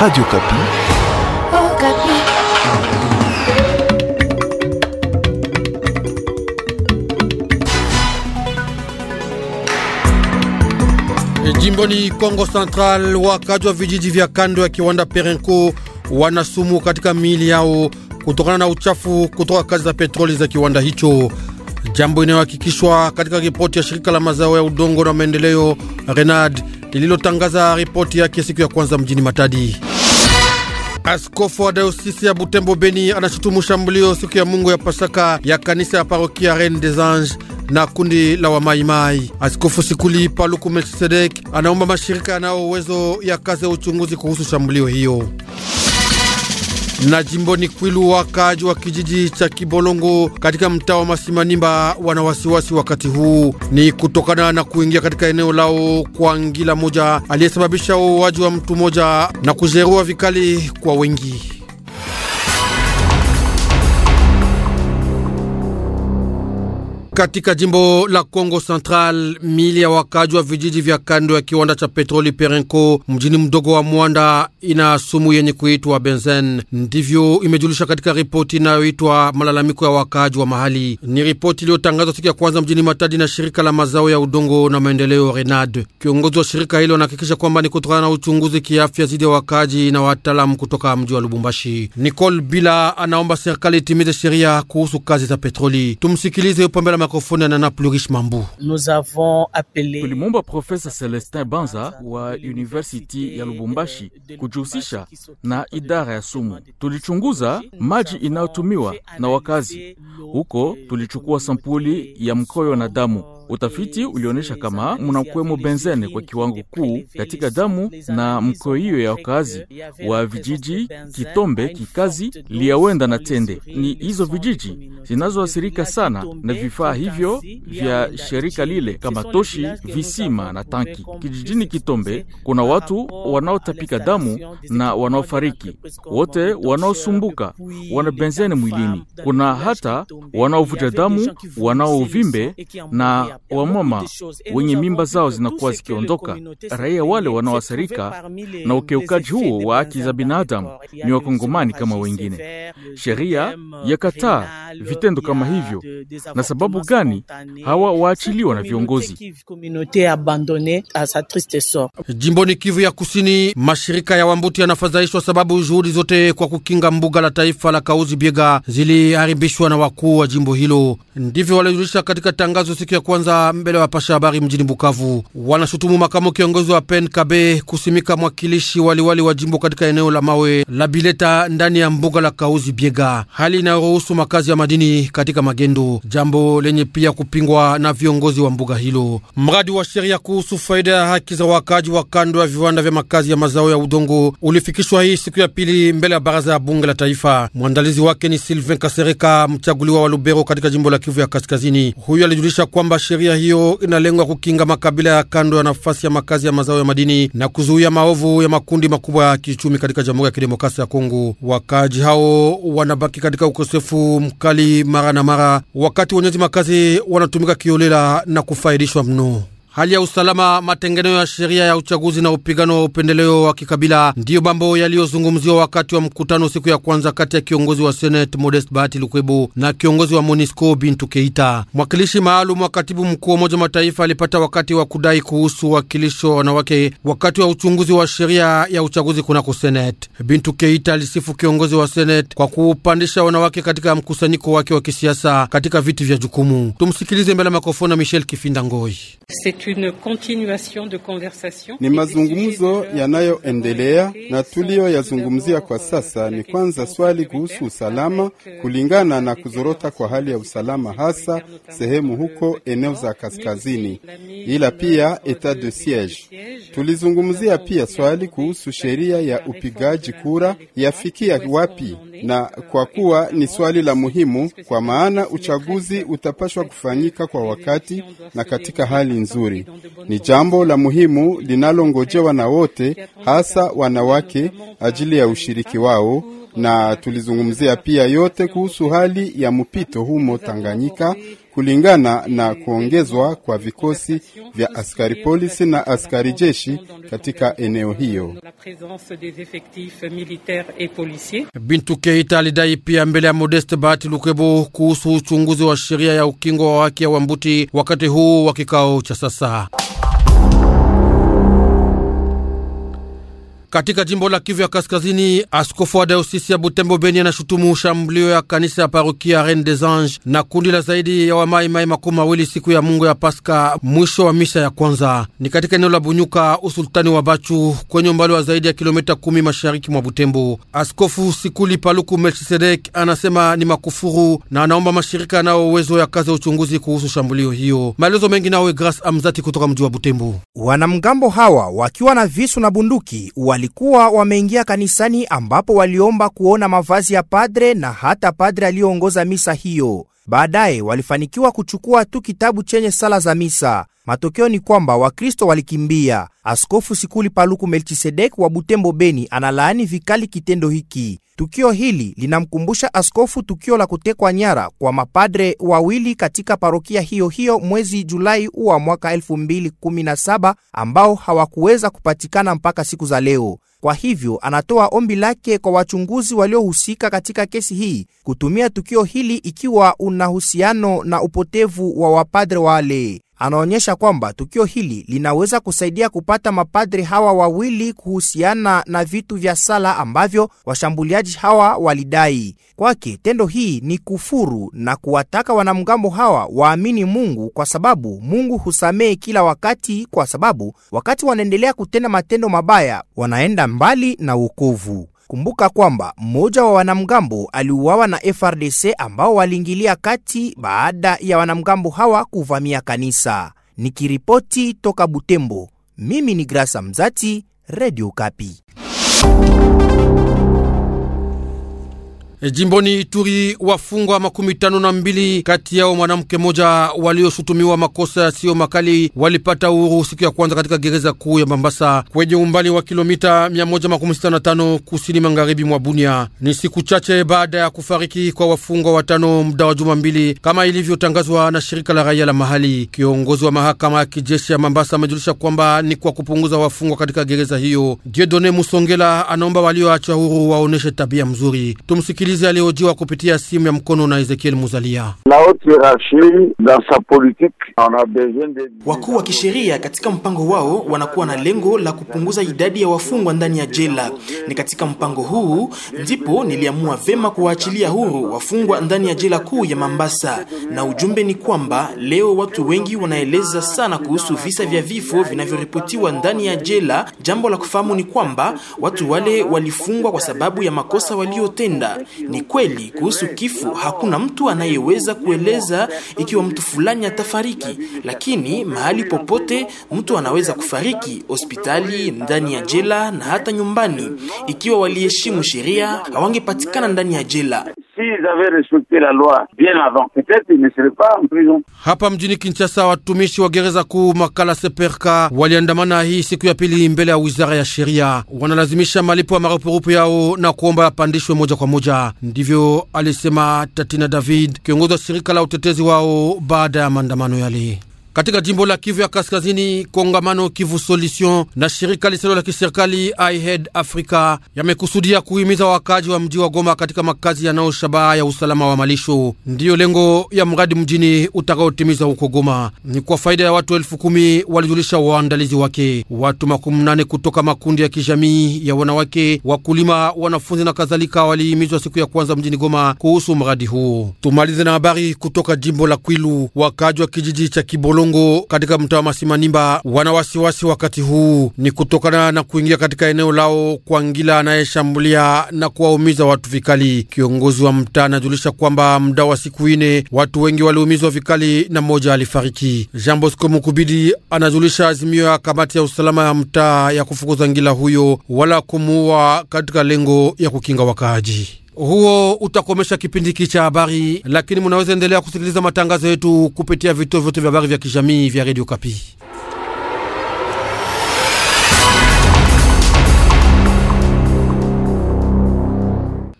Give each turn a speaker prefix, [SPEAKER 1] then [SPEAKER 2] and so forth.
[SPEAKER 1] Radio Kapi. Oh, Kapi.
[SPEAKER 2] E, Jimboni Kongo Central, wakaji wa vijiji vya kando ya kiwanda Perenco wana sumu katika miili yao kutokana na uchafu kutoka kazi za petroli za kiwanda hicho, jambo inayohakikishwa katika ripoti ya shirika la mazao ya udongo na maendeleo Renad lililotangaza ripoti yake siku ya kwanza mjini Matadi. Askofu wa dayosisi ya Butembo Beni anashutumu shambulio siku ya Mungu ya Pasaka ya kanisa ya parokia Reine des Anges na kundi la Wamaimai. Askofu Sikuli Paluku Melchisedek anaomba mashirika yanayo uwezo ya kazi ya uchunguzi kuhusu shambulio hiyo na jimboni Kwilu, wakaaji wa kijiji cha Kibolongo katika mtaa wa Masimanimba wana wasiwasi wakati huu, ni kutokana na kuingia katika eneo lao kwa ngila moja aliyesababisha uuaji wa mtu mmoja na kujeruhiwa vikali kwa wengi. Katika jimbo la Kongo Central, mili ya wakaji wa vijiji vya kando ya kiwanda cha petroli Perenco mjini mdogo wa Mwanda ina sumu yenye kuitwa benzen. Ndivyo imejulisha katika ripoti inayoitwa malalamiko ya wakaji wa mahali. Ni ripoti iliyotangazwa siku ya kwanza mjini Matadi na shirika la mazao ya udongo na maendeleo RENAD. Kiongozi wa shirika hilo anahakikisha kwamba ni kutokana na uchunguzi kiafya zidi ya wakaji na wataalamu kutoka mji wa Lubumbashi. Nicole Bila anaomba serikali itimize sheria kuhusu kazi za petroli. Tumsikilize la Makofona na na Plurish Mambu.
[SPEAKER 3] Tulimwomba Profesa Celestin Banza wa University ya Lubumbashi kujihusisha na idara ya sumu. Tulichunguza maji inayotumiwa na wakazi huko, tulichukua sampuli ya mkoyo na damu Utafiti ulionyesha kama munakwemo benzene kwa kiwango kuu katika damu na mkoo hiyo ya wakazi wa vijiji Kitombe, Kikazi, Liawenda na Tende. Ni hizo vijiji zinazoathirika sana na vifaa hivyo vya shirika lile kama toshi, visima na tanki. Kijijini Kitombe kuna watu wanaotapika damu na wanaofariki, wote wanaosumbuka wana benzene mwilini. Kuna hata wanaovuja damu, wanaouvimbe na wamama wenye mimba zao zinakuwa zikiondoka. Raia wale wanaoathirika na ukiukaji huo wa haki za binadamu ni wakongomani kama wengine. Sheria yakataa vitendo kama hivyo, na sababu gani hawa waachiliwa na viongozi? Jimboni Kivu ya Kusini,
[SPEAKER 2] mashirika ya Wambuti yanafadhaishwa sababu juhudi zote kwa kukinga mbuga la taifa la Kauzi Biega ziliharibishwa na wakuu wa jimbo hilo. Ndivyo walijulisha katika tangazo siku ya kwanza kwanza mbele wa pasha habari mjini Bukavu wanashutumu makamu kiongozi wa PEN Kabe kusimika mwakilishi waliwali wa jimbo katika eneo la mawe la Bileta ndani ya mbuga la Kauzi Biega, hali inayoruhusu makazi ya madini katika magendo, jambo lenye pia kupingwa na viongozi wa mbuga hilo. Mradi wa sheria kuhusu faida ya haki za wakaaji wa kando ya viwanda vya makazi ya mazao ya udongo ulifikishwa hii siku ya pili mbele ya baraza ya bunge la taifa. Mwandalizi wake ni Sylvain Kasereka, mchaguliwa wa Lubero katika jimbo la Kivu ya Kaskazini. Huyu alijulisha kwamba Sheria hiyo inalengwa kukinga makabila ya kando ya nafasi ya makazi ya mazao ya madini na kuzuia maovu ya makundi makubwa ya kiuchumi katika Jamhuri ya Kidemokrasia ya Kongo. Wakaaji hao wanabaki katika ukosefu mkali mara na mara, wakati wenyeji makazi wanatumika kiolela na kufaidishwa mno. Hali ya usalama, matengenezo ya sheria ya uchaguzi na upigano wa upendeleo wa kikabila ndiyo mambo yaliyozungumziwa wakati wa mkutano siku ya kwanza kati ya kiongozi wa Senate Modest Bahati Lukwebo na kiongozi wa MONUSCO Bintu Keita. Mwakilishi maalum wa katibu mkuu wa Umoja Mataifa alipata wakati wa kudai kuhusu wakilisho wa wanawake wakati wa uchunguzi wa sheria ya uchaguzi kunako Senate. Bintu Keita alisifu kiongozi wa Senate kwa kuupandisha wanawake katika mkusanyiko wake wa kisiasa katika viti vya jukumu. Tumsikilize mbele ya makofona Michel Kifinda
[SPEAKER 3] Ngoi. Ni mazungumzo yanayoendelea na tuliyoyazungumzia kwa sasa euh, ni kwanza swali kuhusu usalama, euh, kulingana na kuzorota kwa hali ya usalama, hasa sehemu huko eneo za kaskazini, ila pia etat de siege. Tulizungumzia pia swali kuhusu sheria ya upigaji kura yafikia wapi na kwa kuwa ni swali la muhimu, kwa maana uchaguzi utapashwa kufanyika kwa wakati na katika hali nzuri. Ni jambo la muhimu linalongojewa na wote, hasa wanawake, ajili ya ushiriki wao na tulizungumzia pia yote kuhusu hali ya mpito humo Tanganyika kulingana na kuongezwa kwa vikosi vya askari polisi na askari jeshi katika eneo hiyo.
[SPEAKER 2] Bintu Keita alidai pia mbele ya Modeste Bahati Lukebo kuhusu uchunguzi wa sheria ya ukingo wa haki ya Wambuti wakati huu wa kikao cha sasa. Katika jimbo la Kivu ya Kaskazini, askofu wa dayosisi ya Butembo Beni anashutumu shambulio ya kanisa ya parokia Reine des Anges na kundi la zaidi ya wamaimai makumi mawili siku ya Mungu ya Paska, mwisho wa misha ya kwanza. Ni katika eneo la Bunyuka, usultani wa Bachu, kwenye umbali wa zaidi ya kilomita kumi mashariki mwa Butembo. Askofu Sikuli Paluku Melchisedek anasema ni makufuru na anaomba mashirika yanayo uwezo ya kazi ya uchunguzi kuhusu shambulio hiyo. Maelezo mengi nawe Gras Amzati kutoka mji wa Butembo. Wanamgambo
[SPEAKER 1] hawa wakiwa na visu na bunduki wali walikuwa wameingia kanisani ambapo waliomba kuona mavazi ya padre na hata padre aliyoongoza misa hiyo. Baadaye walifanikiwa kuchukua tu kitabu chenye sala za misa. Matokeo ni kwamba Wakristo walikimbia. Askofu Sikuli Paluku Melchisedek wa Butembo, Beni, analaani vikali kitendo hiki. Tukio hili linamkumbusha askofu tukio la kutekwa nyara kwa mapadre wawili katika parokia hiyo hiyo mwezi Julai uwa mwaka 2017 ambao hawakuweza kupatikana mpaka siku za leo. Kwa hivyo anatoa ombi lake kwa wachunguzi waliohusika katika kesi hii kutumia tukio hili ikiwa una uhusiano na upotevu wa wapadre wale anaonyesha kwamba tukio hili linaweza kusaidia kupata mapadri hawa wawili kuhusiana na vitu vya sala ambavyo washambuliaji hawa walidai. Kwake tendo hii ni kufuru na kuwataka wanamgambo hawa waamini Mungu kwa sababu Mungu husamehe kila wakati, kwa sababu wakati wanaendelea kutenda matendo mabaya wanaenda mbali na wokovu. Kumbuka kwamba mmoja wa wanamgambo aliuawa na FRDC ambao waliingilia kati baada ya wanamgambo hawa kuvamia kanisa. Nikiripoti toka Butembo, mimi ni Grasa Mzati, Radio Kapi.
[SPEAKER 2] E, jimboni Ituri, wafungwa makumi tano na mbili kati yao mwanamke moja walioshutumiwa makosa yasiyo makali walipata uhuru siku ya kwanza katika gereza kuu ya Mambasa kwenye umbali wa kilomita 165 kusini magharibi mwa Bunia. Ni siku chache baada ya kufariki kwa wafungwa watano muda wa juma mbili kama ilivyotangazwa na shirika la raia la mahali. Kiongozi wa mahakama ya kijeshi ya Mambasa amejulisha kwamba ni kwa kupunguza wafungwa katika gereza hiyo. Jedone Musongela anaomba walioacha huru waoneshe tabia mzuri. Tumsikilize. Tumsikilize alihojiwa kupitia simu ya mkono na Ezekiel Muzalia.
[SPEAKER 1] Wakuu wa kisheria katika mpango wao wanakuwa na lengo la kupunguza idadi ya wafungwa ndani ya jela. Ni katika mpango huu ndipo niliamua vema kuwaachilia huru wafungwa ndani ya jela kuu ya Mambasa, na ujumbe ni kwamba leo watu wengi wanaeleza sana kuhusu visa vya vifo vinavyoripotiwa ndani ya jela. Jambo la kufahamu ni kwamba watu wale walifungwa kwa sababu ya makosa waliotenda. Ni kweli kuhusu kifo, hakuna mtu anayeweza kueleza ikiwa mtu fulani atafariki, lakini mahali popote mtu anaweza kufariki: hospitali, ndani ya jela na hata nyumbani. Ikiwa waliheshimu sheria, hawangepatikana ndani ya jela
[SPEAKER 2] s'ils avaient respecté la loi bien avant, peut-être ils ne seraient pas en prison. Hapa mjini Kinshasa, watumishi wa gereza kuu Makala Seperka waliandamana hii siku ya pili mbele ya wizara ya sheria, wanalazimisha malipo ya marupurupu yao na kuomba yapandishwe moja kwa moja. Ndivyo alisema Tatina David, kiongozi wa shirika la utetezi wao baada ya maandamano yale katika jimbo la Kivu ya Kaskazini. Kongamano Kivu Solution na shirika lisilo la kiserikali IHED Africa yamekusudia kuhimiza wakaji wa mji wa Goma katika makazi yanayo shabaha ya usalama wa malisho. Ndiyo lengo ya mradi mjini utakaotimiza huko Goma ni kwa faida ya watu elfu kumi walijulisha waandalizi wake. Watu makumi nane kutoka makundi ya kijamii ya wanawake, wakulima, wanafunzi na kadhalika walihimizwa siku ya kwanza mjini Goma kuhusu mradi huo. Tumalize na habari kutoka jimbo la Kwilu. Wakaji wa kijiji cha Kibolongo udongo katika mtaa wa Masimanimba wana wasiwasi wakati huu, ni kutokana na kuingia katika eneo lao kwa ngila anayeshambulia na kuwaumiza watu vikali. Kiongozi wa mtaa anajulisha kwamba muda wa siku ine watu wengi waliumizwa vikali na mmoja alifariki. Jean Bosco Mukubidi anajulisha azimio ya kamati ya usalama ya mtaa ya kufukuza ngila huyo wala kumuua katika lengo ya kukinga wakaaji. Huo utakomesha kipindi hiki cha habari, lakini munaweza endelea kusikiliza matangazo yetu kupitia vituo vyote vya habari vya kijamii vya redio Kapi.